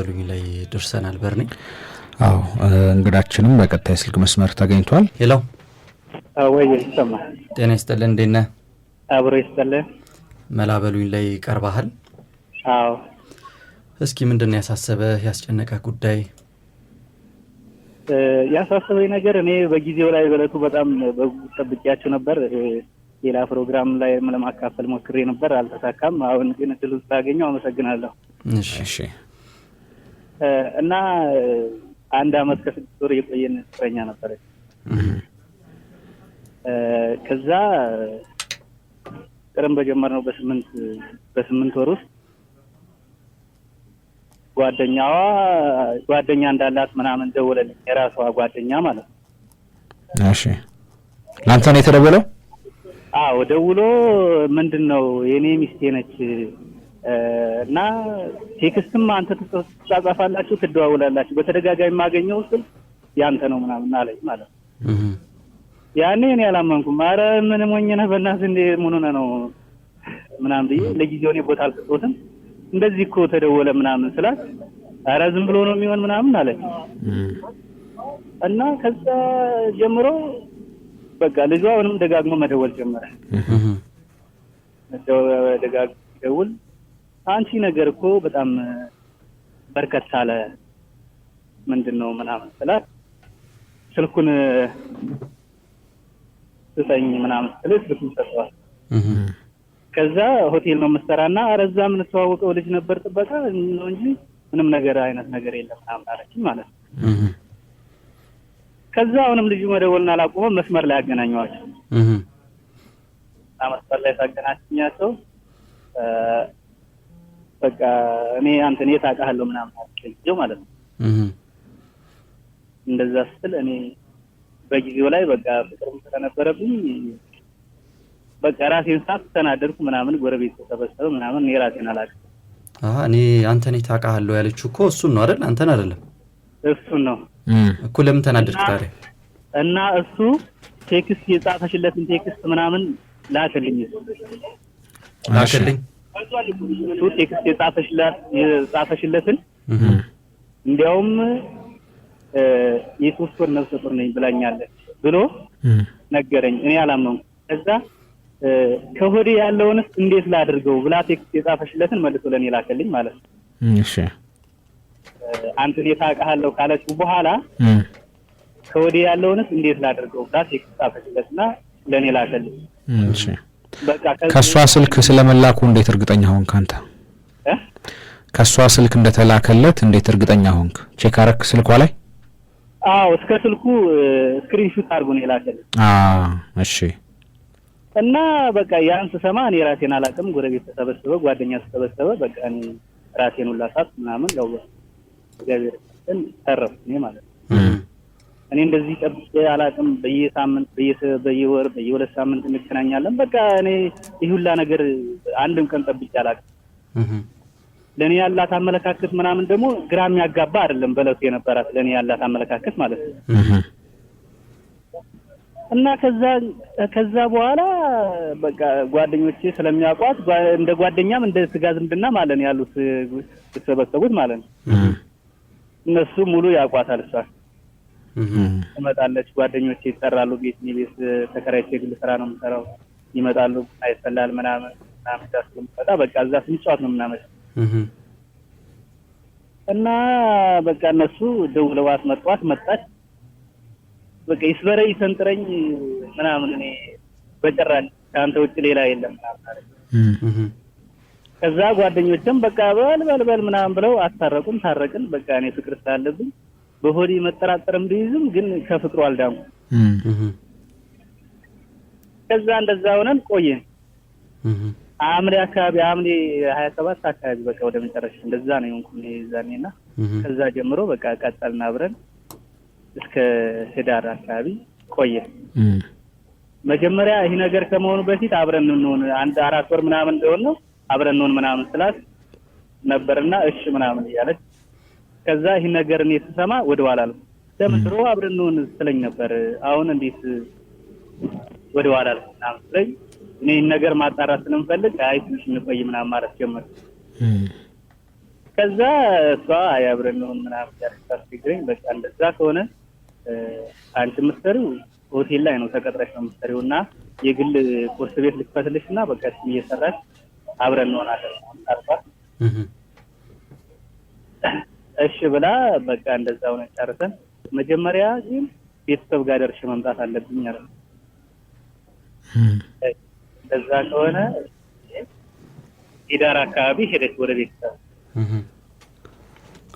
በሉኝ ላይ ደርሰናል። በርኔ አዎ፣ እንግዳችንም በቀጥታ የስልክ መስመር ተገኝቷል። ሄሎ ወይ ይሰማ። ጤና ይስጥልን፣ እንዴነ አብሮ ይስጥልን። መላ በሉኝ ላይ ቀርባሃል። አዎ፣ እስኪ ምንድን ነው ያሳሰበ ያስጨነቀ ጉዳይ? ያሳሰበኝ ነገር እኔ በጊዜው ላይ በለቱ በጣም ጠብቂያቸው ነበር ሌላ ፕሮግራም ላይ ለማካፈል ሞክሬ ነበር፣ አልተሳካም። አሁን ግን እድሉን ስላገኘው አመሰግናለሁ። እሺ እና አንድ አመት ከስድስት ወር የቆየን ፍቅረኛ ነበረች። ከዛ ቅርም በጀመርነው በስምንት በስምንት ወር ውስጥ ጓደኛዋ ጓደኛ እንዳላት ምናምን ደውለልኝ የራሷ ጓደኛ ማለት ነው። እሺ ላንተ ነው የተደወለው? አዎ ደውሎ ምንድን ነው የኔ ሚስቴ ነች እና ቴክስትም አንተ ትጻጻፋላችሁ፣ ትደዋውላላችሁ። በተደጋጋሚ የማገኘው ስል ያንተ ነው ምናምን አለኝ ማለት ነው። ያኔ እኔ አላመንኩም። አረ ምን ሞኝ ነህ በእናትህ እንደ ምን ሆነህ ነው ምናምን ብዬ ለጊዜው እኔ ቦታ አልሰጠሁትም። እንደዚህ እኮ ተደወለ ምናምን ስላት አረ ዝም ብሎ ነው የሚሆን ምናምን አለኝ እና ከዛ ጀምሮ በቃ ልጇ አሁንም ደጋግሞ መደወል ጀመረ። ደጋግሞ ደውል አንቺ ነገር እኮ በጣም በርከት አለ ምንድን ነው ምናምን ስላት ስልኩን ስጠኝ ምናምን ስል ስልኩን ሰጠዋል። ከዛ ሆቴል ነው የምትሰራና አረዛ የምንተዋወቀው ልጅ ነበር ጥበቃ ነው እንጂ ምንም ነገር አይነት ነገር የለም ምናምን አለችኝ ማለት ነው። ከዛ አሁንም ልጁ መደወልን አላቆመም። መስመር ላይ አገናኘዋቸው እና መስመር ላይ ሳገናኛቸው በቃ እኔ አንተን የት አውቃለሁ ምናምን አለችው ማለት ነው። እንደዛ ስል እኔ በጊዜው ላይ በቃ ፍቅርም ስለነበረብኝ በቃ ራሴን ሳት ተናደርኩ ምናምን፣ ጎረቤት ተሰበሰበ ምናምን፣ እኔ ራሴን አላቅ እኔ አንተን የት አውቃለሁ ያለችው እኮ እሱን ነው አይደል? አንተን አይደለም፣ እሱን ነው እኮ። ለምን ተናደድክ ታዲያ? እና እሱ ቴክስት የጻፈሽለትን ቴክስት ምናምን ላክልኝ ላክልኝ እሱ ቴክስት የጻፈሽለትን እንዲያውም የሶስት ወር ነፍሰ ጡር ነኝ ብላኛለች ብሎ ነገረኝ። እኔ አላመንኩ ከዛ ከሆዴ ያለውንስ እንዴት ላድርገው ብላ ቴክስት የጻፈሽለትን መልሶ ለእኔ ላከልኝ ማለት ነው። እሺ አንተ ኔታ አውቃለሁ ካለችው በኋላ ከወዲህ ያለውንስ እንዴት ላድርገው ብላ ቴክስት ጻፈችለትና ለእኔ ላከልኝ። ከእሷ ስልክ ስለመላኩ እንዴት እርግጠኛ ሆንክ አንተ? ከእሷ ስልክ እንደተላከለት እንዴት እርግጠኛ ሆንክ? ቼክ አረክ ስልኳ ላይ? አዎ፣ እስከ ስልኩ ስክሪንሹት አድርጎ ነው የላከልኝ። እሺ። እና በቃ ያን ስሰማ እኔ ራሴን አላቅም። ጎረቤት ተሰበሰበ፣ ጓደኛ ተሰበሰበ። በቃ እኔ ራሴን ሁላ ሳት ምናምን ያው እግዚአብሔር ይመስገን ተረፍኩ እኔ ማለት ነው። እኔ እንደዚህ ጠብቄ አላውቅም። በየሳምንት በየወር በየሁለት ሳምንት እንገናኛለን። በቃ እኔ ይህ ሁላ ነገር አንድም ቀን ጠብቄ አላውቅም። ለእኔ ያላት አመለካከት ምናምን ደግሞ ግራ የሚያጋባ አይደለም። በለቱ የነበራት ለእኔ ያላት አመለካከት ማለት ነው እና ከዛ ከዛ በኋላ በቃ ጓደኞቼ ስለሚያውቋት እንደ ጓደኛም እንደ ስጋ ዝምድና ማለት ያሉት የተሰበሰቡት ማለት ነው እነሱ ሙሉ ያውቋታል እሷ ትመጣለች። ጓደኞች ይጠራሉ። ቤት ቤት ተከራይቼ የግል ስራ ነው የምሰራው። ይመጣሉ፣ አይፈላል ይፈላል ምናምን ምናምን ስለምትመጣ በቃ እዛ ስንጫወት ነው ምናምን እና በቃ እነሱ ደውለዋት መጥዋት መጣች። በቃ ይስበረኝ ይሰንጥረኝ ምናምን እኔ በጭራሽ ከአንተ ውጭ ሌላ የለም ምናምን ከዛ ጓደኞችም በቃ በል በል በል ምናምን ብለው አታረቁም። ታረቅን በቃ እኔ ፍቅር ስላለብኝ በሆዴ መጠራጠርም ቢይዝም ግን ከፍቅሩ አልዳሙ። ከዛ እንደዛ ሆነን ቆየን። አምሌ አካባቢ አምኔ ሀያ ሰባት አካባቢ በቃ ወደ መጨረሻ እንደዛ ነው የሆንኩ ና ከዛ ጀምሮ በቃ ቀጠልን አብረን እስከ ህዳር አካባቢ ቆየን። መጀመሪያ ይህ ነገር ከመሆኑ በፊት አብረን እንሆን አንድ አራት ወር ምናምን እንደሆን ነው አብረን እንሆን ምናምን ስላት ነበርና እሺ ምናምን እያለች ከዛ ይህ ነገር እኔ ስሰማ ወደ ኋላ አልኩ። ለምን ድሮ አብረን እንሆን ስለኝ ነበር፣ አሁን እንዴት ወደ ኋላ አልኩ ምናምን ስለኝ እኔ ይህን ነገር ማጣራት ስለምፈልግ አይ ትንሽ እንቆይ ምናምን ማለት ጀመር። ከዛ እሷ አይ አብረን እንሆን ምናምን ያርሳት ሲግረኝ፣ በቃ እንደዛ ከሆነ አንቺ የምትሰሪው ሆቴል ላይ ነው ተቀጥረሽ ነው የምትሰሪው እና የግል ቁርስ ቤት ልክፈትልሽ እና በቃ እየሰራች አብረን እንሆናለን አልኳት። እሺ ብላ በቃ እንደዛ ሆነ ጨርሰን፣ መጀመሪያ ግን ቤተሰብ ጋር ደርሼ መምጣት አለብኝ አለ። እንደዛ ከሆነ ኢዳር አካባቢ ሄደች ወደ ቤተሰብ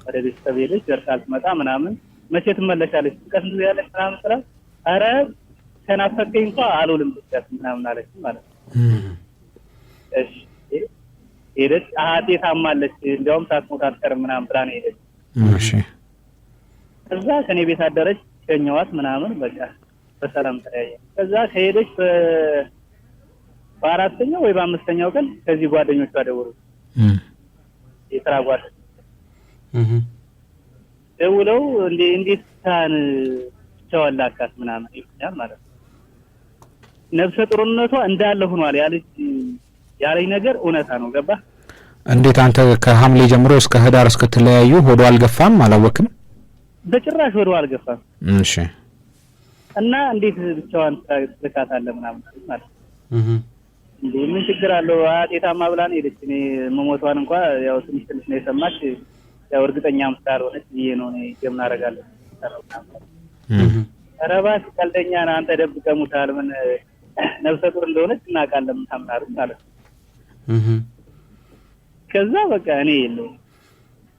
ወደ ቤተሰብ ሄደች። ደርሳ አልትመጣ ምናምን መቼ ትመለሻለች? ጭንቀት እንዲ ያለች ምናምን ስራ አረ ከናፈቀኝ እንኳ አልውልም ብቻት ምናምን አለች ማለት ነው። እሺ ሄደች። አሀቴ ታማለች፣ እንዲያውም ሳትሞት አትቀርም ምናምን ብላ ነው ሄደች እሺ። እዛ ከኔ ቤት አደረች፣ ሸኘዋት ምናምን በቃ በሰላም ተለያየ። ከዛ ከሄደች በአራተኛው ወይ በአምስተኛው ቀን ከዚህ ጓደኞቿ ደውሉ፣ የስራ ጓደ ደውለው እንዴት ታን ብቻዋን አካት ምናምን ይሉኛል ማለት ነው። ነፍሰ ጥሩነቷ እንዳለ ሆኗል። ያለች ያለኝ ነገር እውነታ ነው። ገባ እንዴት አንተ ከሐምሌ ጀምሮ እስከ ህዳር እስክትለያዩ ሆዶ አልገፋም? አላወቅም? በጭራሽ ሆዶ አልገፋም። እሺ። እና እንዴት ብቻዋን ትልካታለህ ምናምን ማለት እንዴ፣ ምን ችግር አለው? አጤታማ ብላ ነው ሄደች። እኔ መሞቷን እንኳ ያው ትንሽ ትንሽ ነው የሰማች። ያው እርግጠኛም ስላልሆነች ብዬ ነው እኔ ጀምና አደርጋለሁ። ኧረ እባክህ ቀልደኛ ነህ አንተ፣ ደብቀህ ሙታል። ምን ነፍሰ ጡር እንደሆነች እናውቃለን። ታምናሉ ማለት ነው ከዛ በቃ እኔ የለውም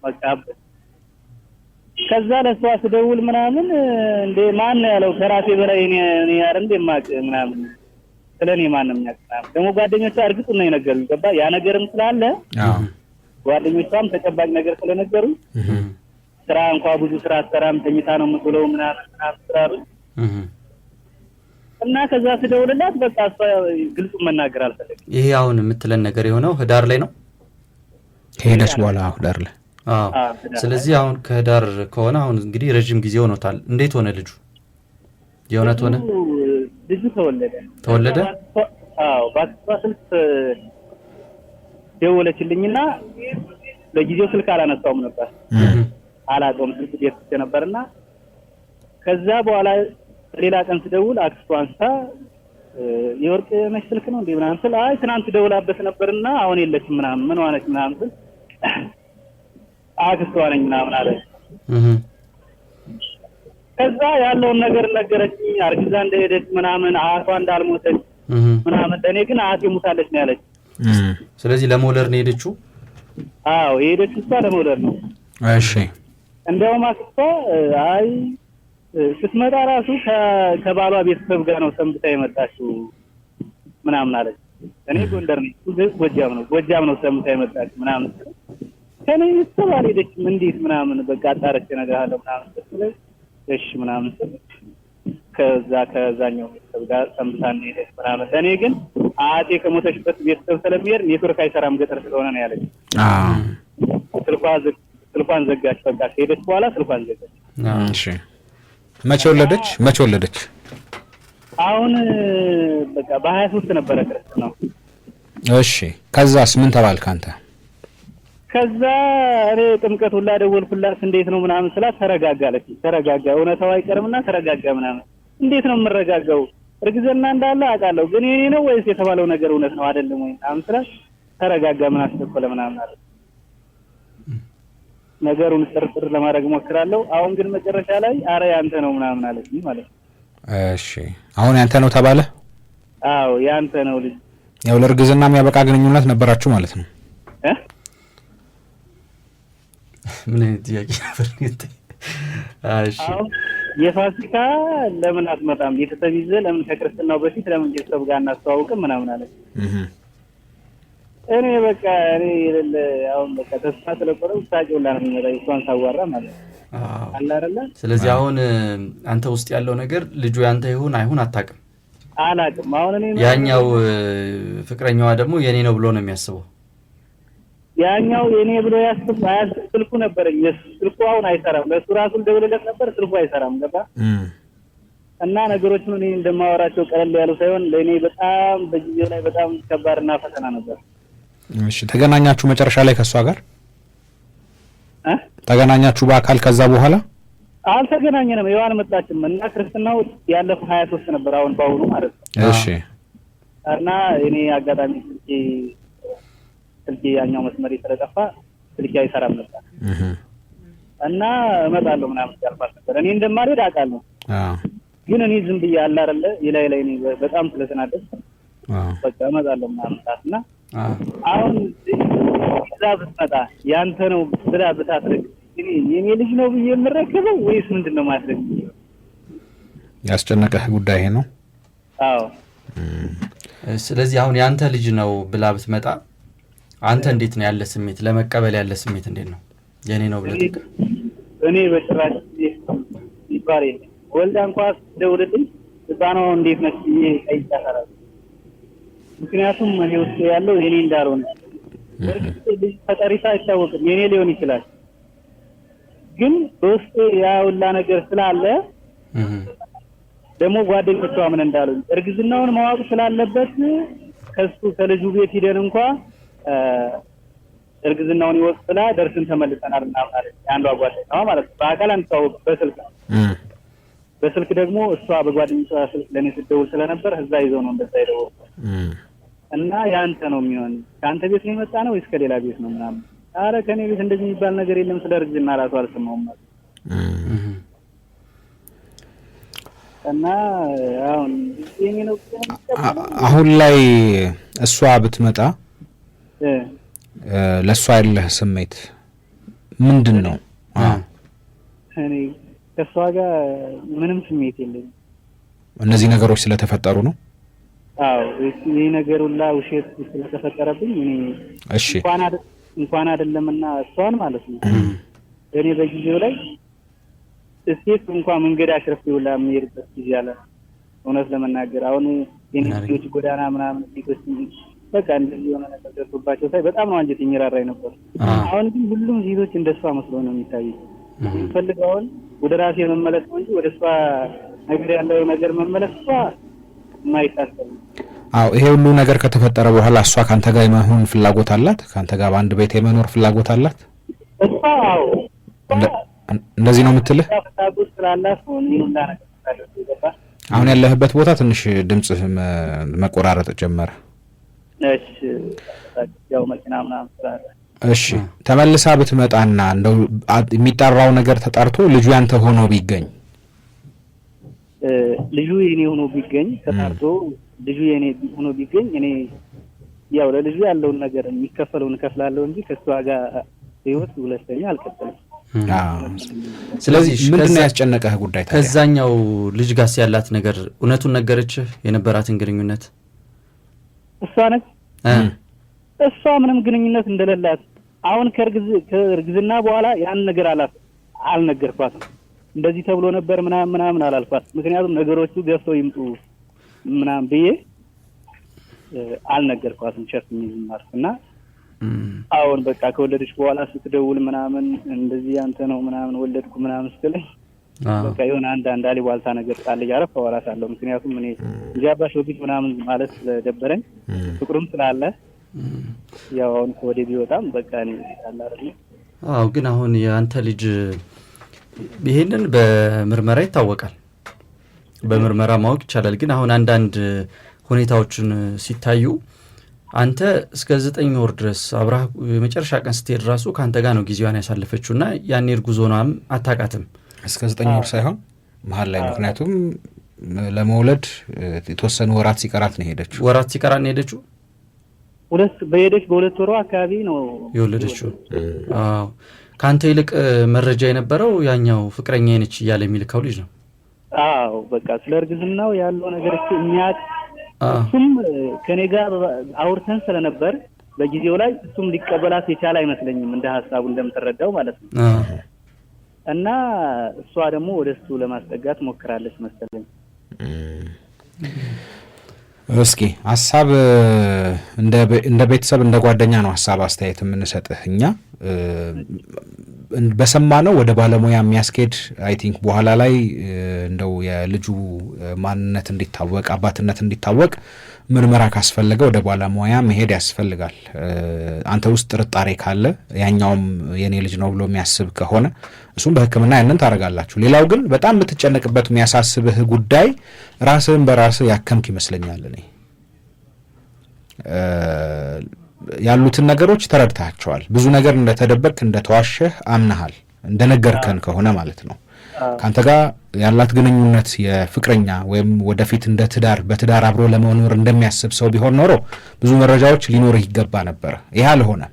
በቃ ከዛ ለሷ ስደውል ምናምን እንዴ ማን ያለው ከራሴ በላይ እኔ እኔ እንዴ ማቅ ምናምን ስለኔ ነው ያውቅ ደግሞ ጓደኞቿ እርግጡን ነው የነገሩኝ። ገባ ያ ነገርም ስላለ ጓደኞቿም ተጨባጭ ነገር ስለነገሩ ስራ እንኳ ብዙ ስራ አትሰራም ተኝታ ነው የምትውለው ምናምን ምናምን ስራሩ እና ከዛ ስደውልላት በቃ እሷ ግልጹ መናገር አልፈለግም። ይሄ አሁን የምትለን ነገር የሆነው ህዳር ላይ ነው ከሄደች በኋላ ህዳር ላይ። ስለዚህ አሁን ከህዳር ከሆነ አሁን እንግዲህ ረዥም ጊዜ ሆኖታል። እንዴት ሆነ ልጁ? የእውነት ሆነ ልጁ? ተወለደ ተወለደ። በአስራ ስልክ ደወለችልኝና በጊዜው ስልክ አላነሳውም ነበር አላውቀውም ስልክ ቤት ነበር ና ከዛ በኋላ ሌላ ቀን ስደውል አክስቱ አንስታ የወርቅ ነሽ ስልክ ነው እንዴ ምናምን ስል አይ ትናንት ደውላበት ነበርና አሁን የለችም ምናምን ምን ዋነች ምናምን ስል አክስቷ ነኝ ምናምን አለ። ከዛ ያለውን ነገር ነገረችኝ። አርግዛ እንደሄደች ምናምን አቷ እንዳልሞተች ምናምን፣ እኔ ግን አያቴ ሞታለች ነው ያለች። ስለዚህ ለመውለድ ነው የሄደችው? አዎ የሄደችው እሷ ለመውለድ ነው። እሺ እንደውም አክስቷ አይ ስትመጣ ራሱ ከባሏ ቤተሰብ ጋር ነው ሰንብታ የመጣችው ምናምን አለች። እኔ ጎንደር ነኝ፣ ጎጃም ነው ጎጃም ነው ሰምታ የመጣች ምናምን ከኔ ይስተባል ሄደች እንዴት ምናምን በቃ አጣረች እነግርሃለሁ ምናምን ስትለኝ እሺ ምናምን ከዛ ከዛኛው ቤተሰብ ጋር ሰምታ ሄደች ምናምን። እኔ ግን አጤ ከሞተችበት ቤተሰብ ስለሚሄድ ኔትወርክ አይሰራም ገጠር ስለሆነ ነው ያለች። ስልኳን ዘጋች። በቃ ከሄደች በኋላ ስልኳን ዘጋች። መቼ ወለደች? መቼ ወለደች? አሁን በቃ በሀያ ሶስት ነበረ ክርስትናው። እሺ ከዛስ ምን ተባልክ አንተ? ከዛ እኔ ጥምቀት ሁላ ደወልኩላት። እንዴት ነው ምናምን ስላት ተረጋጋለች። ተረጋጋ እውነታው አይቀርምና ተረጋጋ ምናምን። እንዴት ነው የምረጋጋው? እርግዝና እንዳለ አውቃለሁ፣ ግን የኔ ነው ወይስ የተባለው ነገር እውነት ነው አይደለም ወይ ምናምን ስላት ተረጋጋ፣ ምን አስቸኮለ ምናምን አለ። ነገሩን ጥርጥር ለማድረግ ሞክራለሁ። አሁን ግን መጨረሻ ላይ አረ ያንተ ነው ምናምን አለች ማለት ነው እሺ አሁን ያንተ ነው ተባለ? አዎ ያንተ ነው ልጅ። ያው ለእርግዝና የሚያበቃ ግንኙነት ነበራችሁ ማለት ነው? ምን አይነት ጥያቄ ነበር? የፋሲካ ለምን አትመጣም? ቤተሰብ ይዘህ ለምን ከክርስትናው በፊት ለምን ቤተሰብ ጋር እናስተዋውቅም ምናምን አለች። እኔ በቃ እኔ የሌለ አሁን በቃ ተስፋ ስለቆረ ሳቄ ሁላ ነው የሚመጣ እሷን ሳዋራ ማለት ነው ስለዚህ አሁን አንተ ውስጥ ያለው ነገር ልጁ ያንተ ይሁን አይሁን አታውቅም አላውቅም። አሁን እኔ ያኛው ፍቅረኛዋ ደግሞ የኔ ነው ብሎ ነው የሚያስበው። ያኛው የኔ ብሎ ያስብ ስልኩ ነበረኝ ስልኩ አሁን አይሰራም። ለእሱ ራሱ ደውልለት ነበር ስልኩ አይሰራም። ገባ እና ነገሮችን እኔ እንደማወራቸው ቀለል ያሉ ሳይሆን ለእኔ በጣም በጊዜው ላይ በጣም ከባድና ፈተና ነበር። እሺ ተገናኛችሁ መጨረሻ ላይ ከእሷ ጋር ተገናኛችሁ በአካል ከዛ በኋላ? አልተገናኘንም። ይኸው አልመጣችም እና ክርስትናው ያለፈው ሀያ ሶስት ነበር አሁን በአሁኑ ማለት ነው። እሺ እና እኔ አጋጣሚ ስልኬ ስልኬ ያኛው መስመር ስለጠፋ ስልኬ አይሰራም ነበር እና እመጣለሁ ምናምን ያልባት ነበር። እኔ እንደማልሄድ አውቃለሁ፣ ግን እኔ ዝም ብዬ አለ አይደለ የላይ ላይ በጣም ስለተናደድ በቃ እመጣለሁ ምናምን ሰዓት እና አሁን እዛ ብትመጣ ያንተ ነው ብላ ብታስረግጥ የኔ ልጅ ነው ብዬ የምረከበው ወይስ ምንድን ነው ማድረግ? ያስጨነቀህ ጉዳይ ይሄ ነው። አዎ። ስለዚህ አሁን የአንተ ልጅ ነው ብላ ብትመጣ አንተ እንዴት ነው ያለ ስሜት? ለመቀበል ያለ ስሜት እንዴት ነው? የእኔ ነው ብለህ እኔ በስራት ይባል ወልዳ እንኳ ደውልልኝ ህፃኗ እንዴት ነች ብዬ ምክንያቱም እኔ ውስጥ ያለው የኔ እንዳልሆነ ልጅ ፈጠሪሳ አይታወቅም። የኔ ሊሆን ይችላል ግን በውስጡ ያውላ ነገር ስላለ ደግሞ ጓደኞቿ ምን እንዳሉ እርግዝናውን ማወቅ ስላለበት ከሱ ከልጁ ቤት ሂደን እንኳ እርግዝናውን ይወቅ ስላ ደርስን ተመልሰናል ምናምን አለች። አንዷ ጓደኛዋ ማለት ነው። በአካል አንተዋወቅም፣ በስልክ ነው። በስልክ ደግሞ እሷ በጓደኞቿ ስልክ ለእኔ ስደውል ስለነበር እዛ ይዘው ነው እንደዛ ይደውል እና የአንተ ነው የሚሆን ከአንተ ቤት ነው የመጣ ነው ወይስ ከሌላ ቤት ነው ምናምን አረ ከኔ ቤት እንደዚህ የሚባል ነገር የለም። ስለ እርግዝና ራሱ አልሰማሁም እና አሁን አሁን ላይ እሷ ብትመጣ ለእሷ ያለህ ስሜት ምንድን ነው? እኔ ከእሷ ጋር ምንም ስሜት የለኝ። እነዚህ ነገሮች ስለተፈጠሩ ነው። አዎ ይህ ነገር ሁላ ውሸት ስለተፈጠረብኝ እኔ እሺ እንኳን አይደለምና እሷን ማለት ነው። እኔ በጊዜው ላይ እሴት እንኳን መንገድ አሽረፍ ይውላ የሚሄድበት ጊዜ አለ። እውነት ለመናገር አሁን የኔዎች ጎዳና ምናምን ሴቶች በቃ እንደዚህ የሆነ ነገር ደርሶባቸው ሳይ በጣም ነው አንጀት የሚራራኝ ነበር። አሁን ግን ሁሉም ሴቶች እንደ እሷ መስሎ ነው የሚታዩ። የምፈልገው አሁን ወደ ራሴ መመለስ ነው እንጂ ወደ እሷ ነገር ያለው ነገር መመለስ እሷ የማይታሰብ አዎ ይሄ ሁሉ ነገር ከተፈጠረ በኋላ እሷ ከአንተ ጋር የመሆን ፍላጎት አላት? ከአንተ ጋር በአንድ ቤት የመኖር ፍላጎት አላት? እንደዚህ ነው የምትልህ? አሁን ያለህበት ቦታ ትንሽ ድምፅህ መቆራረጥ ጀመረ። እሺ ተመልሳ ብትመጣና እንደው የሚጣራው ነገር ተጣርቶ ልጁ ያንተ ሆኖ ቢገኝ ልጁ የኔ ሆኖ ቢገኝ ተጠርቶ ልጁ የኔ ሆኖ ቢገኝ እኔ ያው ለልጁ ያለውን ነገር የሚከፈለውን እከፍላለሁ እንጂ ከእሷ ጋር ህይወት ሁለተኛ አልቀጥልም። ስለዚህ ምንድነው ያስጨነቀህ ጉዳይ? ከዛኛው ልጅ ጋስ ያላት ነገር እውነቱን ነገረችህ? የነበራትን ግንኙነት እሷ ነች እሷ ምንም ግንኙነት እንደሌላት አሁን ከእርግዝና በኋላ ያን ነገር አላት አልነገርኳትም። እንደዚህ ተብሎ ነበር ምናምን ምናምን አላልኳት። ምክንያቱም ነገሮቹ ገፍተው ይምጡ ምናምን ብዬ አልነገርኳትም። ሸርት የሚይዝ ማርፍ እና አሁን በቃ ከወለደች በኋላ ስትደውል ምናምን እንደዚህ ያንተ ነው ምናምን ወለድኩ ምናምን ስትለኝ በቃ የሆነ አንድ አንድ አሉባልታ ነገር ቃል እያረፍ አወራታለሁ። ምክንያቱም እኔ እንጂ አባሽ ወዲህ ምናምን ማለት ስለደበረኝ ፍቅሩም ስላለ ያው አሁን ከወደ ቢወጣም በቃ እኔ አዎ። ግን አሁን የአንተ ልጅ ይሄንን በምርመራ ይታወቃል በምርመራ ማወቅ ይቻላል። ግን አሁን አንዳንድ ሁኔታዎችን ሲታዩ አንተ እስከ ዘጠኝ ወር ድረስ አብራ የመጨረሻ ቀን ስትሄድ ራሱ ከአንተ ጋር ነው ጊዜዋን ያሳለፈችው እና ያኔ እርጉዞናም አታቃትም እስከ ዘጠኝ ወር ሳይሆን መሀል ላይ ምክንያቱም ለመውለድ የተወሰኑ ወራት ሲቀራት ነው ሄደችው። ወራት ሲቀራት ነው ሄደችው። በሄደች በሁለት ወሮ አካባቢ ነው የወለደችው። ከአንተ ይልቅ መረጃ የነበረው ያኛው ፍቅረኛ አይነች እያለ የሚልከው ልጅ ነው። አዎ በቃ ስለ እርግዝናው ያለው ነገር እ የሚያቅ እሱም ከኔ ጋር አውርተን ስለነበር በጊዜው ላይ እሱም ሊቀበላት የቻለ አይመስለኝም፣ እንደ ሀሳቡ እንደምትረዳው ማለት ነው። እና እሷ ደግሞ ወደ እሱ ለማስጠጋት ሞክራለች መሰለኝ። እስኪ ሀሳብ እንደ ቤተሰብ እንደ ጓደኛ ነው ሀሳብ አስተያየት የምንሰጥህ እኛ በሰማ ነው ወደ ባለሙያ የሚያስኬድ አይ ቲንክ በኋላ ላይ እንደው የልጁ ማንነት እንዲታወቅ አባትነት እንዲታወቅ ምርመራ ካስፈለገ ወደ ባለሙያ መሄድ ያስፈልጋል። አንተ ውስጥ ጥርጣሬ ካለ ያኛውም የኔ ልጅ ነው ብሎ የሚያስብ ከሆነ እሱም በሕክምና ያንን ታደርጋላችሁ። ሌላው ግን በጣም የምትጨነቅበት የሚያሳስብህ ጉዳይ ራስህን በራስህ ያከምክ ይመስለኛል እኔ ያሉትን ነገሮች ተረድታቸዋል። ብዙ ነገር እንደተደበቅ እንደተዋሸህ አምናሃል፣ እንደነገርከን ከሆነ ማለት ነው። ከአንተ ጋር ያላት ግንኙነት የፍቅረኛ ወይም ወደፊት እንደ ትዳር በትዳር አብሮ ለመኖር እንደሚያስብ ሰው ቢሆን ኖሮ ብዙ መረጃዎች ሊኖርህ ይገባ ነበር። ይህ አልሆነ።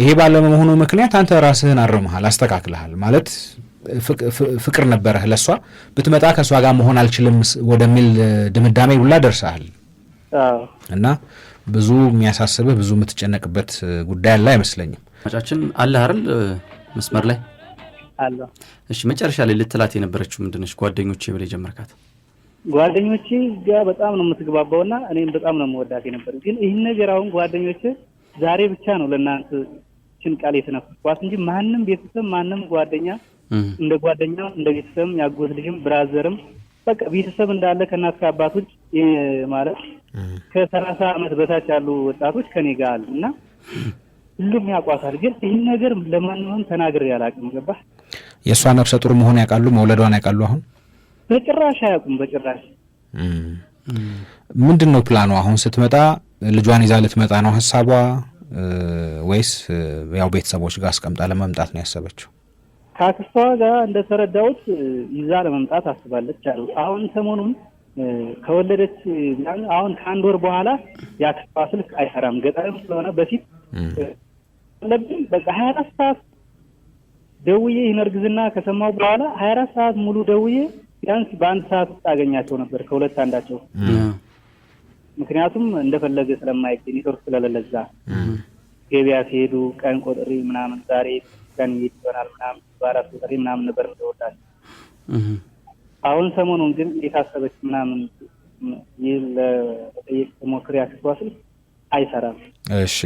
ይሄ ባለመሆኑ ምክንያት አንተ ራስህን አርመሃል፣ አስተካክልሃል። ማለት ፍቅር ነበረህ ለእሷ ብትመጣ ከእሷ ጋር መሆን አልችልም ወደሚል ድምዳሜ ሁላ ደርሰሃል እና ብዙ የሚያሳስብህ ብዙ የምትጨነቅበት ጉዳይ አለ አይመስለኝም። ማጫችን አለ አይደል መስመር ላይ አለ። እሺ መጨረሻ ላይ ልትላት የነበረችው ምንድነች? ጓደኞቼ ብለህ ጀመርካት። ጓደኞቼ ጋር በጣም ነው የምትግባባውና እኔም በጣም ነው የምወዳት የነበር። ግን ይህን ነገር አሁን ጓደኞች ዛሬ ብቻ ነው ለእናንተ ችን ቃል የተነፈስኳት እንጂ ማንም ቤተሰብ ማንም ጓደኛ እንደ ጓደኛ እንደ ቤተሰብ ያጎት ልጅም ብራዘርም በቃ ቤተሰብ እንዳለ ከእናት ከአባት ውጭ ማለት ከሰላሳ ዓመት በታች ያሉ ወጣቶች ከኔ ጋር አሉ እና ሁሉም ያውቋታል። ግን ይህን ነገር ለማንም ተናግሬ አላውቅም። ገባህ? የእሷ ነፍሰ ጡር መሆን ያውቃሉ፣ መውለዷን ያውቃሉ። አሁን በጭራሽ አያውቁም። በጭራሽ ምንድን ነው ፕላኗ? አሁን ስትመጣ ልጇን ይዛ ልትመጣ ነው ሀሳቧ ወይስ ያው ቤተሰቦች ጋር አስቀምጣ ለመምጣት ነው ያሰበችው? ከአክስቷ ጋር እንደተረዳሁት ይዛ ለመምጣት አስባለች አሉ። አሁን ሰሞኑን ከወለደች አሁን ከአንድ ወር በኋላ ያተፋ ስልክ አይሰራም። ገጠርም ስለሆነ በፊት ለብኝ በቃ ሀያ አራት ሰዓት ደውዬ ይህን እርግዝና ከሰማሁ በኋላ ሀያ አራት ሰዓት ሙሉ ደውዬ ቢያንስ በአንድ ሰዓት ውስጥ አገኛቸው ነበር ከሁለት አንዳቸው። ምክንያቱም እንደፈለገ ስለማይገኝ ኔትወርክ ስለለለዛ ገበያ ሲሄዱ ቀን ቆጥሪ ምናምን ዛሬ ቀን ይሄድ ይሆናል ምናምን በአራት ቆጥሪ ምናምን ነበር ምደወዳል አሁን ሰሞኑን ግን የታሰበች ምናምን ይህ ሞክር ያክስዋ አይሰራም። እሺ፣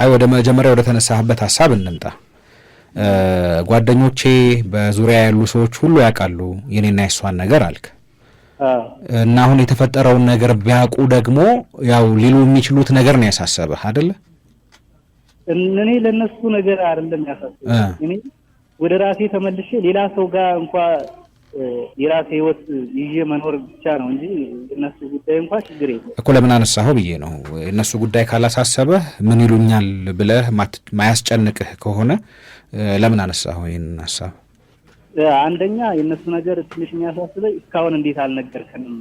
አይ ወደ መጀመሪያ ወደ ተነሳህበት ሀሳብ እንምጣ። ጓደኞቼ በዙሪያ ያሉ ሰዎች ሁሉ ያውቃሉ የኔና የሷን ነገር አልክ እና አሁን የተፈጠረውን ነገር ቢያውቁ ደግሞ ያው ሊሉ የሚችሉት ነገር ነው ያሳሰበህ አደለ? እኔ ለእነሱ ነገር አይደለም ያሳሰበ እኔ ወደ ራሴ ተመልሼ ሌላ ሰው ጋር እንኳ የራሴ ህይወት ይዤ መኖር ብቻ ነው እንጂ እነሱ ጉዳይ እንኳ ችግር የለም እኮ ለምን አነሳኸው ብዬ ነው። እነሱ ጉዳይ ካላሳሰበ ምን ይሉኛል ብለህ ማያስጨንቅህ ከሆነ ለምን አነሳኸው ይህን ሀሳብ? አንደኛ የእነሱ ነገር ትንሽ የሚያሳስበኝ እስካሁን እንዴት አልነገርከንም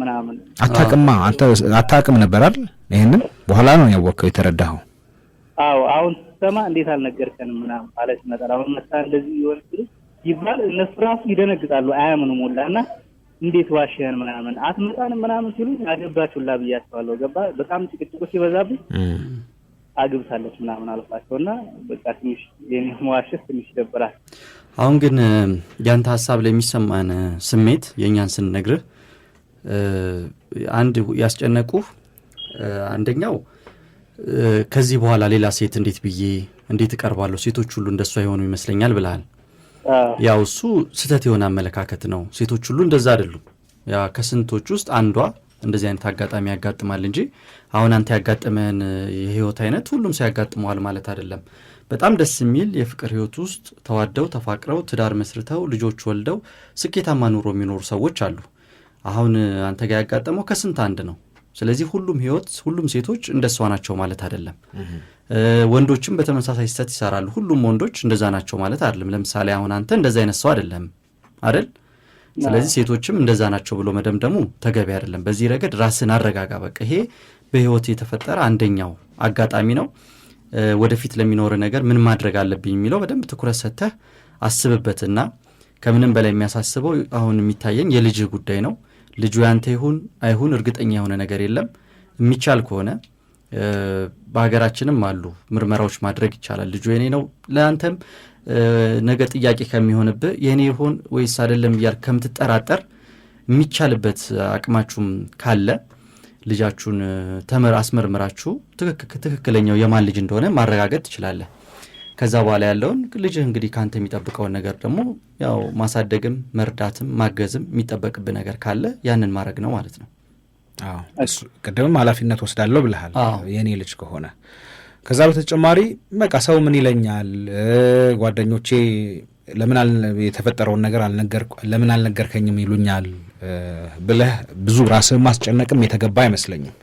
ምናምን አታውቅማ፣ አንተ አታውቅም ነበር አይደል? ይህንን በኋላ ነው ያወቅኸው የተረዳኸው? አዎ አሁን ስትሰማ እንዴት አልነገርከንም ምናምን ማለት ይመጣል። አሁን መታ እንደዚህ ይሆን ይባል እነሱ ራሱ ይደነግጣሉ፣ አያምኑም ሁላ እና እንዴት ዋሸን ምናምን አትመጣንም ምናምን ሲሉ አገባችሁላ ብያቸዋለሁ። ገባ በጣም ጭቅጭቁ ሲበዛብኝ አግብታለች ምናምን አልኳቸው እና በቃ ትንሽ የኔ ትንሽ ይደብራል። አሁን ግን ያንተ ሀሳብ ላይ የሚሰማን ስሜት የእኛን ስንነግርህ አንድ ያስጨነቁህ አንደኛው ከዚህ በኋላ ሌላ ሴት እንዴት ብዬ እንዴት እቀርባለሁ ሴቶች ሁሉ እንደሱ አይሆኑ ይመስለኛል ብልሃል። ያው እሱ ስህተት የሆነ አመለካከት ነው። ሴቶች ሁሉ እንደዛ አይደሉም። ያ ከስንቶች ውስጥ አንዷ እንደዚህ አይነት አጋጣሚ ያጋጥማል እንጂ አሁን አንተ ያጋጠመህን የህይወት አይነት ሁሉም ሰው ያጋጥመዋል ማለት አይደለም። በጣም ደስ የሚል የፍቅር ህይወት ውስጥ ተዋደው ተፋቅረው ትዳር መስርተው ልጆች ወልደው ስኬታማ ኑሮ የሚኖሩ ሰዎች አሉ። አሁን አንተ ጋር ያጋጠመው ከስንት አንድ ነው። ስለዚህ ሁሉም ህይወት ሁሉም ሴቶች እንደሷ ናቸው ማለት አይደለም። ወንዶችም በተመሳሳይ ስህተት ይሰራሉ። ሁሉም ወንዶች እንደዛ ናቸው ማለት አይደለም። ለምሳሌ አሁን አንተ እንደዛ አይነት ሰው አይደለም አይደል? ስለዚህ ሴቶችም እንደዛ ናቸው ብሎ መደምደሙ ተገቢ አይደለም። በዚህ ረገድ ራስን አረጋጋ። በቃ ይሄ በህይወት የተፈጠረ አንደኛው አጋጣሚ ነው። ወደፊት ለሚኖር ነገር ምን ማድረግ አለብኝ የሚለው በደንብ ትኩረት ሰጥተህ አስብበትና ከምንም በላይ የሚያሳስበው አሁን የሚታየኝ የልጅህ ጉዳይ ነው። ልጁ ያንተ ይሁን አይሁን እርግጠኛ የሆነ ነገር የለም። የሚቻል ከሆነ በሀገራችንም አሉ ምርመራዎች ማድረግ ይቻላል። ልጁ የኔ ነው ለአንተም ነገ ጥያቄ ከሚሆንብህ የኔ ይሆን ወይስ አይደለም እያልክ ከምትጠራጠር የሚቻልበት አቅማችሁም ካለ ልጃችሁን ተምር አስመርምራችሁ ትክክለኛው የማን ልጅ እንደሆነ ማረጋገጥ ትችላለህ። ከዛ በኋላ ያለውን ልጅህ እንግዲህ ከአንተ የሚጠብቀውን ነገር ደግሞ ያው ማሳደግም፣ መርዳትም፣ ማገዝም የሚጠበቅብህ ነገር ካለ ያንን ማድረግ ነው ማለት ነው። ቅድምም ኃላፊነት ወስዳለሁ ብልሃል የእኔ ልጅ ከሆነ ከዛ በተጨማሪ በቃ ሰው ምን ይለኛል፣ ጓደኞቼ ለምን የተፈጠረውን ነገር ለምን አልነገርከኝም ይሉኛል ብለህ ብዙ ራስህ ማስጨነቅም የተገባ አይመስለኝም።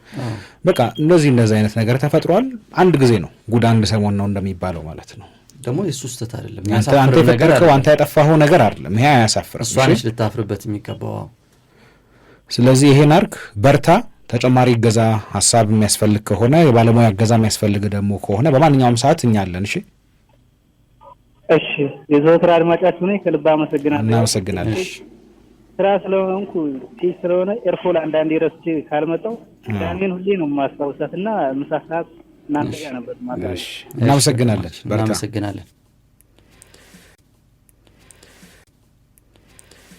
በቃ እንደዚህ እንደዚህ አይነት ነገር ተፈጥሯል። አንድ ጊዜ ነው ጉድ አንድ ሰሞን ነው እንደሚባለው ማለት ነው። ደግሞ የሱ ስህተት አይደለም። አንተ የፈጠርከው አንተ ያጠፋኸው ነገር አይደለም። ይሄ አያሳፍርም። እሷ ልታፍርበት የሚገባው ስለዚህ ይሄን አርክ በርታ፣ ተጨማሪ እገዛ ሀሳብ የሚያስፈልግ ከሆነ የባለሙያ እገዛ የሚያስፈልግ ደግሞ ከሆነ በማንኛውም ሰዓት እኛ አለን። እሺ እሺ። የዘወትር አድማጫች ሆነ ከልብ አመሰግናለሁ። እናመሰግናለሽ። ስራ ስለሆንኩ ቲጅ ስለሆነ ኤርፎል አንዳንዴ ረስቼ ካልመጣሁ ዳሜን ሁሌ ነው የማስታውሳት እና ምሳ ሰዓት እናንተ ጋር ነበር። እናመሰግናለን። እናመሰግናለን።